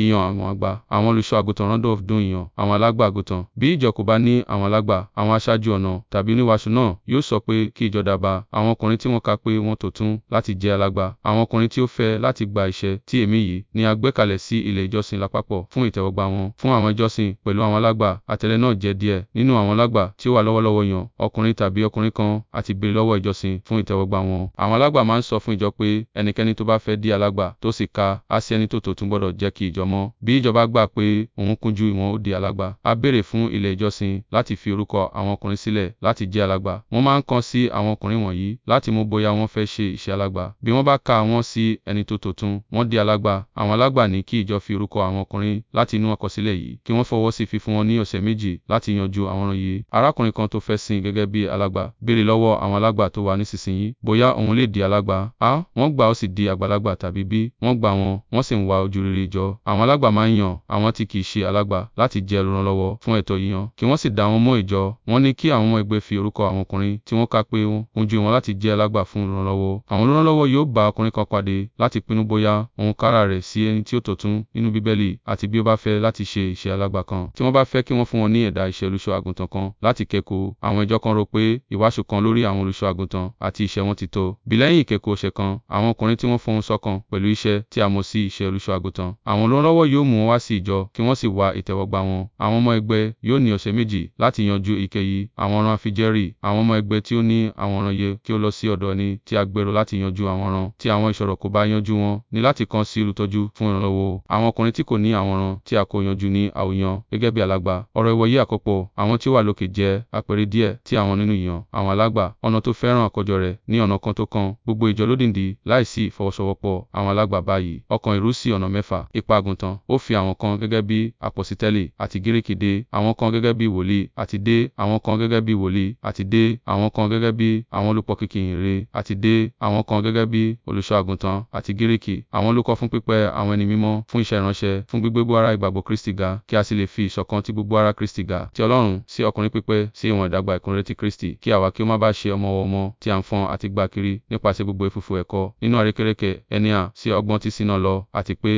Ìyàn àwọn àgbà. Àwọn olùṣọ́-àgùntàn rán ọdún ìyàn àwọn alàgbà àgùntàn. Bí ìjọ kò bá ní àwọn alàgbà, àwọn aṣáájú ọ̀nà tàbí oníwàásù náà yóò sọ pé kí ìjọ dàgbà. Àwọn ọkùnrin tí wọ́n kà pé wọ́n tó tún láti jẹ́ alàgbà. Àwọn ọkùnrin tí ó fẹ́ láti gba iṣẹ́ ti Ẹ̀mí yìí ni a gbékalẹ̀ sí ilé ìjọsìn lápapọ̀ fún ìtẹ́wọ́gbà wọn. Fún àwọn ìjọsìn pẹ̀lú àwọn alàgbà, àtẹ̀lé náà jẹ́ díẹ̀. Nínú àwọn alàgbà tí ó wà lọ́wọ́lọ́wọ́ yàn ọkùnrin tàbí ọkùnrin kan àti béèrè lọ́wọ́ ìjọsìn fún ìtẹ́wọ́gbà wọn. Àwọn alàgbà máa ń sọ fún ìjọ pé ẹnikẹ́ni tó bá fẹ́ di alàgbà tó sì kà á sí ẹni tó tọ́ tún gbọdọ̀ jẹ́ kí ìjọ àwùjọ mọ́. Bí ìjọba gbà pé òun kúnjú ìwọ̀n ó di alàgbà, á béèrè fún ilé ìjọsìn láti fi orúkọ àwọn ọkùnrin sílẹ̀ láti jẹ́ alàgbà. Wọ́n máa ń kàn sí àwọn ọkùnrin wọ̀nyí láti mọ̀ bóyá wọ́n fẹ́ ṣe iṣẹ́ alàgbà. Bí wọ́n bá ka wọ́n sí ẹni tó tuntun, wọ́n di alàgbà. Àwọn alàgbà ní kí ìjọ fi orúkọ àwọn ọkùnrin láti inú àkọsílẹ̀ yìí, kí wọ́n fọwọ́ sí fífún wọn ní ọ̀sẹ̀ méjì láti yanjú àwọn ọ̀ràn yìí. Arákùnrin kan tó fẹ́ sìn gẹ́gẹ́ bí alàgbà, béèrè lọ́wọ́ àwọn alàgbà tó wà nísinsìnyí, bóyá òun lè di alàgbà. A, wọ́n gbà ó sì di àgbàlagbà tàbí B, wọ́n gbà wọ́n, wọ́n sì ń wá ojúrere ìjọ àwọn alàgbà máa ń yan àwọn tí kì í ṣe alàgbà láti jẹ́ olùrànlọ́wọ́ fún ẹ̀tọ́ yíyan, kí wọ́n sì dá wọn mọ́ ìjọ. Wọ́n ní kí àwọn ọmọ ẹgbẹ́ fi orúkọ àwọn ọkùnrin tí wọ́n kà pé ń ju wọn láti jẹ́ alàgbà fún olùrànlọ́wọ́. Àwọn olùrànlọ́wọ́ yóò bá ọkùnrin kan pàdé láti pinnu bóyá òun kà ara rẹ̀ sí ẹni tí ó tòótọ́ nínú Bíbélì àti bí ó bá fẹ́ láti ṣe iṣẹ́ alàgbà kan. Tí wọ́n bá fẹ́ kí wọ́n fún wọn ní ẹ̀dà iṣẹ́ olùṣọ́-àgùntàn kan láti kẹ́kọ̀ọ́, àwọn ìjọ kan rò pé ìwàásù kan lórí àwọn olùṣọ́-àgùntàn àti iṣẹ́ wọn ti tó. Bí lẹ́yìn ìkẹ́kọ̀ọ́ ọ̀sẹ̀ kan, àwọn ọkùnrin tí wọ́n fohùn ṣọ̀kan pẹ̀lú iṣẹ́ tí a mọ̀ sí iṣẹ́ olùṣọ́-àgùntàn, àwọn olùrànlọ́wọ́ Ìrànlọ́wọ́ yóò mú wọn wá sí ìjọ kí wọ́n sì wá ìtẹ́wọ́gbà wọn. Àwọn ọmọ ẹgbẹ́ yóò ní ọ̀sẹ̀ méjì láti yanjú èyíkéyìí àwọn ọ̀ràn àfijẹ́rìí. Àwọn ọmọ ẹgbẹ́ tí ó ní àwọn ọ̀ràn yẹ kí ó lọ sí ọ̀dọ̀ ẹni tí a gbèrò láti yanjú àwọn ọ̀ràn. Tí àwọn ìṣòro kò bá yanjú wọn, ní láti kàn sí olùtọ́jú fún ìrànlọ́wọ́. Àwọn ọkùnrin tí kò ní àwọn ọ̀ràn tí a kò yanjú ni a ó yan gẹ́gẹ́ bí alàgbà. Ọ̀rọ̀ ìwòye àkópọ̀ àwọn tí ó wà lókè jẹ́ àpẹẹrẹ díẹ̀ tí àwọn nínú ìyàn àwọn alàgbà. Ọ̀nà tó fẹ́ràn àkójọ rẹ̀ ní ọ̀nà kan tó kan. Gbogbo ìjọ lódìndí láìsí ìfọwọ́sowọ́pọ̀ àwọn alàgbà báyìí. Ọ̀kan ìrú sí ọ̀nà mẹ́fà. Ìpàgùn àgùntàn. Ó fi àwọn kan gẹ́gẹ́ bí àpọ́sítélì àti Gíríkì dé, àwọn kan gẹ́gẹ́ bí wòlíì àti dé, àwọn kan gẹ́gẹ́ bí wòlíì àti dé, àwọn kan gẹ́gẹ́ bí àwọn olùpọ̀ kìkì ìyìnrere àti dé, àwọn kan gẹ́gẹ́ bí olùṣọ́-àgùntàn àti Gíríkì. Àwọn olùkọ́ fún pípé àwọn ẹni mímọ́, fún iṣẹ́ ìránṣẹ́, fún gbígbé gbogbo ara ìgbàgbọ́ Kristi ga, kí a sì lè fi ìṣọ̀kan ti gbogbo ara Kristi ga, ti Ọlọ́run, sí ọkùnrin pípé, sí ìwọ̀n ìdàgbà ẹ̀kúnrẹ́rẹ́ ti Kristi, kí àwa kí ó má bá ṣe ọmọ-ọwọ́ tí a ń fọ́n àti gbá kiri nípasẹ̀ gbogbo ẹ̀fúùfù ẹ̀kọ́, nínú àrékérekè, ẹni à, sí ọgbọ́n tí sínà lọ, àti pé,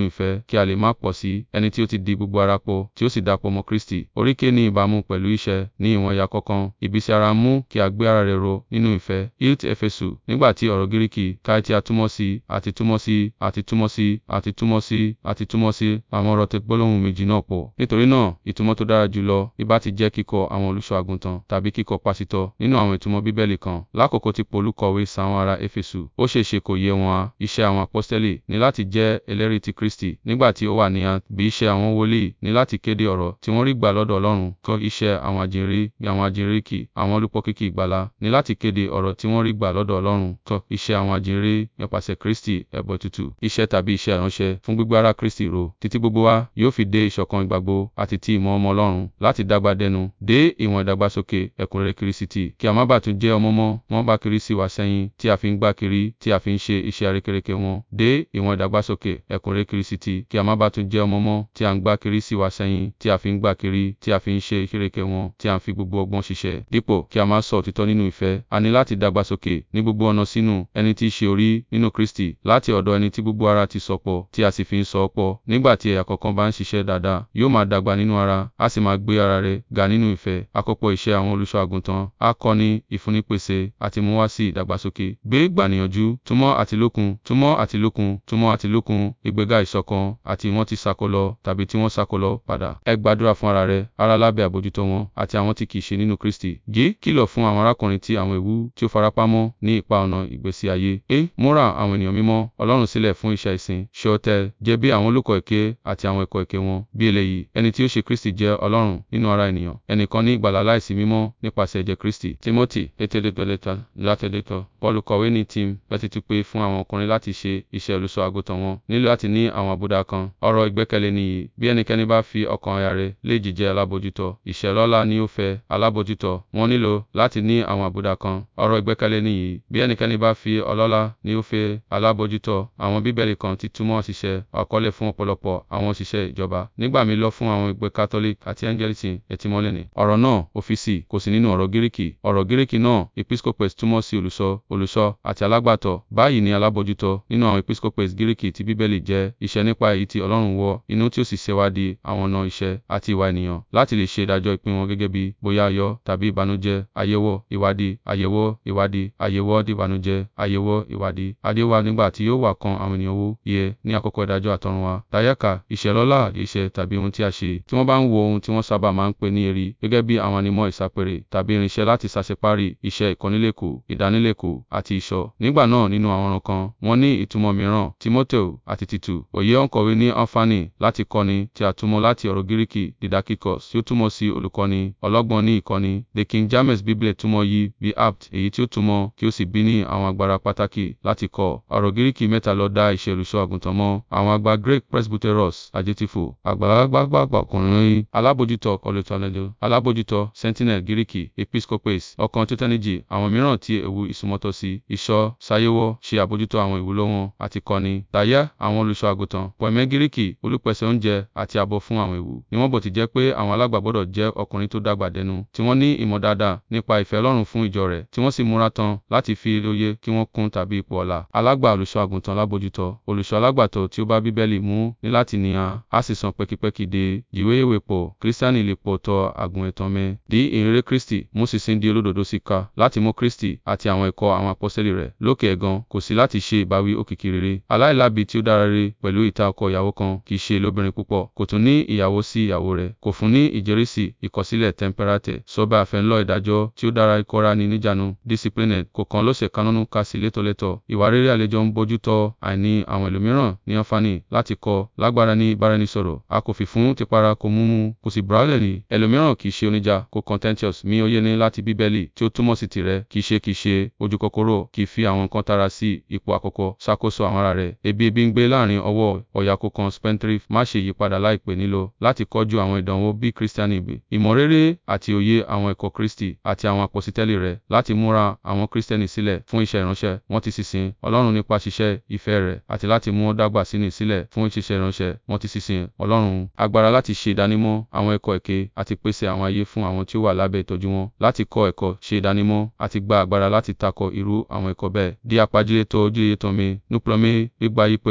nínú ìfẹ́ kí a lè máa pọ̀ sí ẹni tí ó ti di gbogbo ara pọ̀ tí ó sì dàpọ̀ mọ́ Kristi. Oríkèé ní ìbámu pẹ̀lú iṣẹ́ ní ìwọ̀n ẹ̀yà kọ̀ọ̀kan. Ìbísí ara mú kí a gbé ara rẹ̀ ró nínú ìfẹ́. Hilt Efesu nígbà tí ọ̀rọ̀ Gíríkì káì tí a túmọ̀ sí, àti túmọ̀ sí, àti túmọ̀ sí, àti túmọ̀ sí, àti túmọ̀ sí, àwọn ọ̀rọ̀ tẹ gbólóhùn méjì náà pọ̀. Nítorí náà, ìtumọ̀ tó dára jùlọ ìbá ti jẹ́ kíkọ́ àwọn olùṣọ́ àgùntàn tàbí kíkọ́ pásítọ̀ nínú àwọn ìtumọ̀ Bíbélì kan. Lákòókò tí Pọ́ọ̀lù kọ̀wé sáwọn ará Éfésù, ó ṣèṣe kò yé wọn, iṣẹ́ àwọn apọ́stẹ́lì ni láti jẹ́ ẹlẹ́rìí ti Kristi. Nígbà tí ó wà ní Ant, bí iṣẹ́ àwọn wòlíì ní láti kéde ọ̀rọ̀ tí wọ́n rí gbà lọ́dọ̀ Ọlọ́run, kọ́ iṣẹ́ àwọn àjíǹrere bí àwọn àjíǹrere kì, àwọn olùpòkìkí ìgbàlà ní láti kéde ọ̀rọ̀ tí wọ́n rí gbà lọ́dọ̀ Ọlọ́run, kọ́ iṣẹ́ àwọn àjíǹrere nípasẹ̀ Kristi, ẹbọ ètùtù, iṣẹ́ tàbí iṣẹ́ ìránṣẹ́ fún gbígbé ara Kristi ró, títí gbogbo wa yóò fi dé ìṣọ̀kan ìgbàgbọ́ àti ti ìmọ̀ ọmọ Ọlọ́run, láti dàgbà dẹnu dé ìwọ̀n ìdàgbàsókè ẹ̀kúnrẹ́rẹ́ Kristi, kí a má bàa tún jẹ́ ọmọ mọ́, wọ́n bá Kristi wá sẹ́yìn, tí a fi ń gbá kiri, tí a fi ń ṣe iṣẹ́ àrékérekè wọn, dé ìwọ̀n ìdàgbàsókè ẹ̀kúnrẹ́rẹ́ Kristi, kí a má ba tún jẹ́ ọmọ mọ́, tí a ń gbá kiri sí wa sẹ́yìn, tí a fi ń gbá kiri, tí a fi ń ṣe ìkérekè wọn, tí a ń fi gbogbo ọgbọ́n ṣiṣẹ́. Dípò kí a máa sọ òtítọ́ nínú ìfẹ́, a ní láti dàgbàsókè ní gbogbo ọ̀nà sínú ẹni tí í ṣe orí nínú Kristi, láti ọ̀dọ̀ ẹni tí gbogbo ara ti sopọ̀, tí a sì fi ń so pọ̀. Nígbà tí ẹ̀yà kọ̀ọ̀kan bá ń ṣiṣẹ́ dáadáa, yóò máa dàgbà nínú ara, a sì máa gbé ara rẹ̀ ga nínú ìfẹ́. Àkópọ̀ iṣẹ́ àwọn olùṣọ́-àgùntàn, akọni, ìfúnnípèsè, àti mú wá sí ìdàgbàsókè. Gbé ìgbànìyànjú, túmọ̀ àti túmọ̀ àti túmọ̀ àti ìgbéga aláìṣọ̀kan àti wọ́n ti ṣákólọ tàbí tí wọ́n ṣákólọ padà. Ẹ gbàdúrà fún ara rẹ, ará lábẹ́ àbójútó wọn, àti àwọn tí kì í ṣe nínú Kristi. J. Kìlọ̀ fún àwọn arákùnrin ti àwọn ewu tí ó farapamọ́ ní ipa ọ̀nà ìgbésí ayé. A. Múra àwọn ènìyàn mímọ́ Ọlọ́run sílẹ̀ fún iṣẹ́ ìsìn. Ṣe ọ̀tẹ̀, jẹ́ bí àwọn olùkọ́ èké àti àwọn ẹ̀kọ́ èké wọn. Bí eléyìí, ẹni tí ó ṣe Kristi jẹ́ Ọlọ́run nínú ara ènìyàn. Ẹnìkan ní ìgbàlà láìsí mímọ́ nípasẹ̀ ẹ̀jẹ̀ Kristi. Timothy, ètèlétọ́lẹ́tà, látẹ̀lẹ́tọ̀. Pọ́ọ̀lù kọ̀wé ní Tim, bẹ́ẹ̀ ti tún pé fún àwọn ọkùnrin láti ṣe iṣẹ́ olùṣọ́ àgùntàn wọn. Nílò láti ní àwọn àbùdá kan. Ọ̀rọ̀ ìgbẹ́kẹ̀lé nìyí. Bí ẹnikẹ́ni bá fi ọkàn aya rẹ̀ lé jíjẹ́ alábòjútó, ìṣẹ̀lọ́lá ni ó fẹ́ alábòjútó. Wọ́n nílò láti ní àwọn àbùdá kan. Ọ̀rọ̀ ìgbẹ́kẹ̀lé nìyí. Bí ẹnikẹ́ni bá fi ọlọ́lá ni ó fẹ́ alábòjútó. Àwọn Bíbélì kan ti túmọ̀ ṣiṣẹ́ àkọlé fún ọ̀pọ̀lọpọ̀ àwọn òṣìṣẹ́ ìjọba. Nígbà mi lọ fún àwọn ìgbé Catholic àti Anglican ẹtìmọ́lẹ́ni. Ọ̀rọ̀ náà ọ́fíìsì kò sí nínú ọ̀rọ̀ Gíríkì. Ọ̀rọ̀ Gíríkì náà episcopes túmọ̀ sí olùṣọ́, olùṣọ́ àti alágbàtọ́. Báyìí ni alábòjútó nínú àwọn episcopes Gíríkì ti Bíbélì jẹ́ iṣẹ́ nípa èyí tí Ọlọ́run wọ inú tí ó sì ṣèwádìí àwọn ọ̀nà iṣẹ́ àti ìwà ènìyàn láti lè ṣe ìdájọ́ ìpín wọn gẹ́gẹ́ bí bóyá ayọ̀ tàbí ìbànújẹ́, àyẹ̀wò, ìwádìí, àyẹ̀wò, ìwádìí, àyẹ̀wò ìbànújẹ́, àyẹ̀wò, ìwádìí. Adé wá nígbà tí yóò wá kan àwọn ènìyàn wò, yẹ ní àkókò ìdájọ́ àtọ̀runwá. Dàyàkà, ìṣẹ́lọ́lá, iṣẹ́ tàbí ohun tí a ṣe, tí wọ́n bá ń wo ohun tí wọ́n sábà máa ń pè ní èrí, gẹ́gẹ́ bí àwọn ànímọ́ ìsápèré tàbí irinṣẹ́ láti ṣàṣeparí, iṣẹ́ ìkọ́nilẹ́kọ̀ọ́, ìdánilẹ́kọ̀ọ́ àti ìṣọ́. Nígbà náà nínú àwọn ọ̀ràn kan, wọ́n ní ìtumọ̀ mìíràn, Timoteo àti Titu. Òye òǹkọ̀wé ní àǹfààní láti kọ́ni tí a túmọ̀ láti ọ̀rọ̀ Gíríìkì didakikos tí ó túmọ̀ sí olùkọ́ni, ọlọ́gbọ́n ní ìkọ́ni. The King James Bible túmọ̀ yìí bí apt èyí tí ó túmọ̀ kí ó sì bí ní àwọn agbára pàtàkì láti kọ́. Ọ̀rọ̀ Gíríìkì mẹ́ta ló dá iṣẹ́ olùṣọ́-àgùntàn mọ́. Àwọn àgbà Greek presbyteros adjetifu àgbàlagbàgbà ọkùnrin alábòjútó olùtọ́lẹ́dọ́ alábòjútó sentinel Giriki episcopes ọ̀kan tó tẹ́nìjì àwọn mìíràn tí ewu ìsúnmọ́tò sí ìṣọ́ ṣàyẹ̀wò ṣe àbójútó àwọn ìwúlò wọn àti kọ́ni. Dàyà àwọn olùṣọ́-àgùntàn àgùntàn, pẹ̀mẹ́ Giriki, olùpèsè oúnjẹ àti ààbò fún àwọn ewu. Níwọ̀n bó ti jẹ́ pé àwọn alàgbà gbọ́dọ̀ jẹ́ ọkùnrin tó dàgbà dẹnu, tí wọ́n ní ìmọ̀ dáadáa nípa ìfẹ́ Ọlọ́run fún ìjọ rẹ̀, tí wọ́n sì múra tán láti fi òye kí wọ́n kún tàbí ipò ọlá. Alàgbà olùṣọ́ àgùntàn lábojútó, olùṣọ́ alágbàtọ́ tí ó bá Bíbélì mú ní láti níhà, á sì san pẹ́kípẹ́kí de ìwé ìwé pọ̀, Kírísítánì lè pọ̀ tọ àgùn ẹ̀tàn mẹ́, di ìhìnrere Kristi, mú sísin di olódodo sí ká, láti mú Kristi àti àwọn ẹ̀kọ́ àwọn apọ́sẹ́lì rẹ̀ lókè ẹ̀gan, kò sí láti ṣe ìbáwí òkìkí rere, aláìlábi tí ó dára rere, pẹ̀lú ìtakò ìyàwó kan kì í ṣe lóbìnrin púpọ̀ kò tún ní ìyàwó sí ìyàwó rẹ̀ kò fún ní ìjẹ́rìsí ìkọsílẹ̀ temperate sọ́ba àfẹ́ńlọ ìdájọ́ tí ó dára ìkọ́ra ní níjànú discipline kò kan lọ́sẹ̀ kanánú ka sí létòlétò ìwà rere àlejò ń bójú tó àìní àwọn ẹlòmíràn ní àǹfààní láti kọ́ lágbára ní ìbáraẹnisọ̀rọ̀ a kò fi fún tipara kò mú mú kò sì bùrálẹ̀ ní ẹlòmíràn kì í ṣe oníjà kò contentious mi ó yé ní láti bíbélì tí ó túmọ̀ sí tirẹ̀ kì í ṣe kì í ṣe ojú kòkòrò kì í fi àwọn nǹkan tara sí ipò àkọ́kọ́ ṣàkóso àwọn ara rẹ̀ ebi ebi ń gbé láàrin ọwọ́ lọ́wọ́ ọ̀yàkó kan spendthrift má ṣe yípadà láìpẹ́ nílò láti kojú àwọn ìdánwò bí Kristiani bí ìmọ̀rere àti òye àwọn ẹ̀kọ́ Kristi àti àwọn àpòsítẹ́lì rẹ̀ láti múra àwọn Kristiani sílẹ̀ fún iṣẹ́ ìránṣẹ́ wọn ti sísìn Ọlọ́run nípa ṣiṣẹ́ ìfẹ́ rẹ̀ àti láti mú wọn dàgbà sínú sílẹ̀ fún iṣẹ́ ìránṣẹ́ wọn ti sísìn Ọlọ́run agbára láti ṣe ìdánimọ̀ àwọn ẹ̀kọ́ èké àti pèsè àwọn ayé fún àwọn tí ó wà lábẹ́ ìtọ́jú wọn láti kọ́ ẹ̀kọ́ ṣe ìdánimọ̀ àti gba agbára láti takò irú àwọn ẹ̀kọ́ bẹ́ẹ̀ di apájílẹ̀ mi nùpọ̀ mi gbígba yípo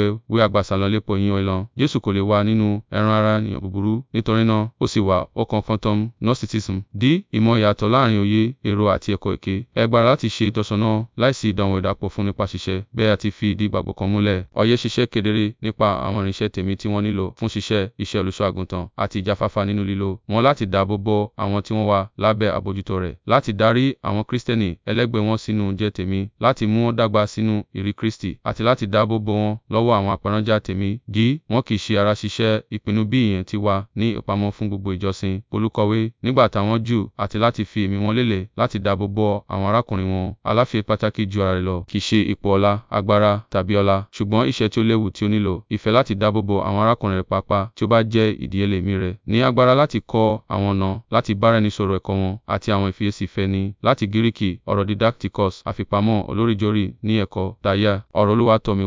àlọ́lépo yín ọ̀ìlàn. Jésù kò lè wà nínú ẹran ara ènìyàn búburú, nítorí náà ó sì wà ọkàn phantom gnosticism. D. Ìmọ̀ ìyàtọ̀ láàrin òye, èrò àti ẹ̀kọ́ èké. Ẹ gbára láti ṣe ìtọ́sọ́nà láìsí ìdánwò ìdàpọ̀ fún nípa ṣiṣẹ́. Bẹ́ẹ̀ àti fi ìdí ìgbàgbọ́ kan múlẹ̀. Ọ̀yẹ́ ṣiṣẹ́ kedere nípa àwọn irinṣẹ́ tèmi tí wọ́n nílò fún ṣiṣẹ́ iṣẹ́ olùṣọ́ àti ìjáfáfá nínú lílo wọn láti dáàbò bo àwọn tí wọ́n wà lábẹ́ àbójútó rẹ̀, láti darí àwọn Kristẹni ẹlẹ́gbẹ́ wọn sínú oúnjẹ tèmi, láti mú wọn dàgbà sínú ìrí Kristi, àti láti dáàbò bo wọn lọ́wọ́ àwọn apẹranjá tèmi tèmi, jí, wọn kì í ṣe ara ṣiṣẹ́, ìpinnu bí ìyẹn ti wà ní ìpamọ́ fún gbogbo ìjọsìn. Olùkọ́wé, nígbà táwọn Júù, àti láti fi ẹ̀mí wọn lélẹ̀ láti dáàbò bo àwọn arákùnrin wọn, aláfẹ́ pàtàkì ju ara rẹ̀ lọ, kì í ṣe ipò ọlá, agbára, tàbí ọlá, ṣùgbọ́n iṣẹ́ tí ó léwu tí ó nílò, ìfẹ́ láti dáàbò bo àwọn arákùnrin rẹ̀ pàápàá tí ó bá jẹ́ ìdíyelé ẹ̀mí rẹ̀, ní agbára láti kọ́ àwọn ọ̀nà láti bára-ẹni-sọ̀rọ̀ ẹ̀kọ́ wọn, àti àwọn ìfiyèsí ìfẹ́ni, láti Gíríìkì, ọ̀rọ̀ didacticos, àfipamọ́ olóríjorí ní ẹ̀kọ́, dayà, ọ̀rọ̀ Olúwa tọ̀ mí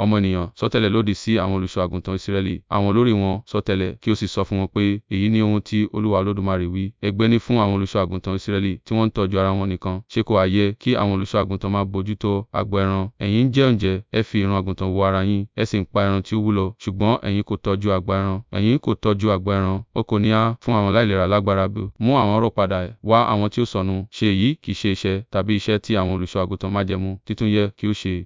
ọmọ ènìyàn, sọtẹ́lẹ̀ lòdì sí àwọn olùṣọ́ àgùntàn Israẹli, àwọn olórí wọn sọtẹ́lẹ̀ kí ó sì sọ fún wọn pé, èyí ni ohun tí Olúwa Olódùmarè wí, ègbé ni fún àwọn olùṣọ́ àgùntàn Israẹli tí wọ́n ń tọ́jú ara wọn nìkan, ṣé kò ha yẹ kí àwọn olùṣọ́ àgùntàn máa bójú tó agbo ẹran, ẹ̀yin ń jẹ oúnjẹ, ẹ fi ìran àgùntàn wo ara yín, ẹ sì ń pa ẹran tí ó wúlò, ṣùgbọ́n ẹ̀yin kò tọ́jú agbo ẹran, ẹ̀yin kò tọ́jú agbo ẹran, o kò ní há fún àwọn aláìlera lágbára bù, mú àwọn ọ̀rọ̀ padà, wá àwọn tí ó sọnù, ṣe èyí kì í ṣe iṣẹ́ tàbí iṣẹ́ tí àwọn olùṣọ́ àgùntàn májẹ̀mú títún yẹ kí ó ṣe.